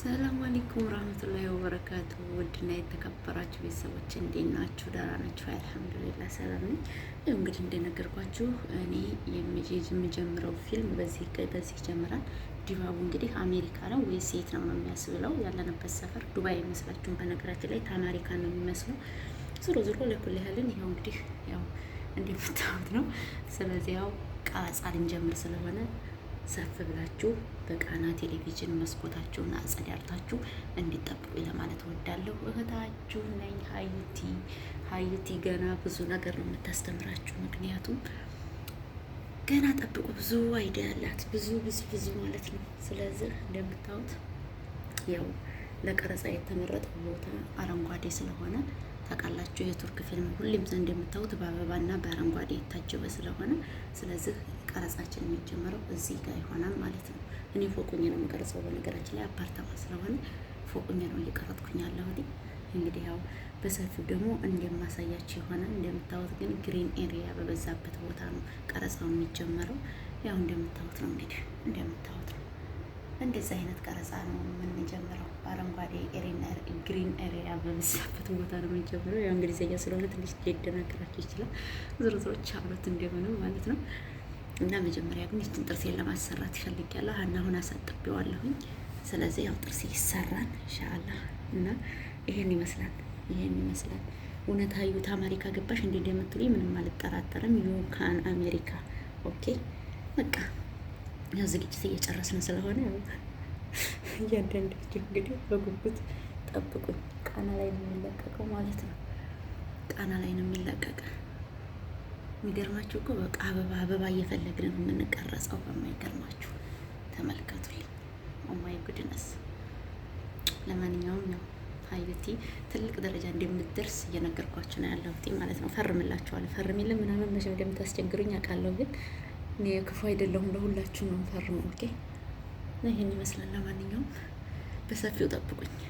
ሰላም አለይኩም ወራህመቱላሂ ወበረካቱ። ውድና የተከበራችሁ ቤተሰቦች እንዴት ናችሁ? ደህና ናችሁ? አልሐምዱሊላህ ሰላም ነኝ። እንግዲህ እንደነገርኳችሁ እኔ የምጀምረው ፊልም በዚህ በዚህ ይጀምራል። ድባቡ እንግዲህ አሜሪካ ነው ወይስ የት ነው ነው የሚያስብለው። ያለንበት ሰፈር ዱባይ አይመስላችሁም? በነገራችን ላይ አሜሪካ ነው የሚመስለው። ዞሮ ዞሮ ለኩል ያህልን ይኸው እንግዲህ ያው እንደምታዩት ነው። ስለዚህ ያው ቀረጻ ልንጀምር ስለሆነ ሰፍ ብላችሁ በቃና ቴሌቪዥን መስኮታችሁን አጸዳርታችሁ እንዲጠብቁ ለማለት ወዳለሁ። እህታችሁ ነኝ ሀይቲ ሀይቲ ገና ብዙ ነገር ነው የምታስተምራችሁ። ምክንያቱም ገና ጠብቁ፣ ብዙ አይዳ ያላት ብዙ ብዙ ብዙ ማለት ነው። ስለዚህ እንደምታዩት ያው ለቀረጻ የተመረጠ ቦታ አረንጓዴ ስለሆነ ታውቃላችሁ፣ የቱርክ ፊልም ሁሌም ዘንድ እንደምታዩት በአበባና በአረንጓዴ የታጀበ ስለሆነ ስለዚህ ቀረጻችን የሚጀመረው እዚህ ጋር ይሆናል ማለት ነው። እኔ ፎቁኝ ነው የምቀርጸው። በነገራችን ላይ አፓርታማ ስለሆነ ፎቁኝ ነው እየቀረጥኩኝ ያለሁት። እንግዲህ ያው በሰፊው ደግሞ እንደማሳያችሁ ይሆናል። እንደምታወት ግን ግሪን ኤሪያ በበዛበት ቦታ ነው ቀረጻው የሚጀመረው። ያው እንደምታወት ነው እንግዲህ እንደምታወት ነው። እንደዚህ አይነት ቀረጻ ነው የምንጀምረው። አረንጓዴ ግሪን ኤሪያ በበዛበት ቦታ ነው የምንጀምረው። ያው እንግሊዝኛ ስለሆነ ትንሽ ሊደናገራችሁ ይችላል። ዝርዝሮች አሉት እንደምንም ማለት ነው። እና መጀመሪያ ግን ይችን ጥርሴን ለማሰራት ይፈልጋለሁ እና አሁን አሳጥቤዋለሁኝ። ስለዚህ ያው ጥርሴ ይሰራል ኢንሻአላህ። እና ይሄን ይመስላል ይሄን ይመስላል። እውነት ሀዩት አሜሪካ ገባሽ እንዴ እንደምትሉኝ ምንም አልጠራጠርም። ካን አሜሪካ ኦኬ። በቃ ያው ዝግጅት እየጨረስን ስለሆነ እያንዳንዳችሁ እንግዲህ በጉጉት ጠብቁኝ። ቃና ላይ ነው የሚለቀቀው ማለት ነው። ቃና ላይ ነው የሚለቀቀ የሚገርማችሁ እኮ በቃ አበባ አበባ እየፈለግን ነው የምንቀረጸው። በማይገርማችሁ ተመልከቱልኝ። ኦማይ oh ጉድነስ። ለማንኛውም ያው ሀይብቲ ትልቅ ደረጃ እንደምትደርስ እየነገርኳችሁ ነው ያለሁት ማለት ነው። ፈርምላችኋለሁ። ፈርሚልን ምናምን መቼም እንደምታስቸግሩኝ አውቃለሁ፣ ግን እኔ ክፉ አይደለሁም። ለሁላችሁም ነው ፈርሙ። ኦኬ፣ ይህን ይመስላል። ለማንኛውም በሰፊው ጠብቁኝ።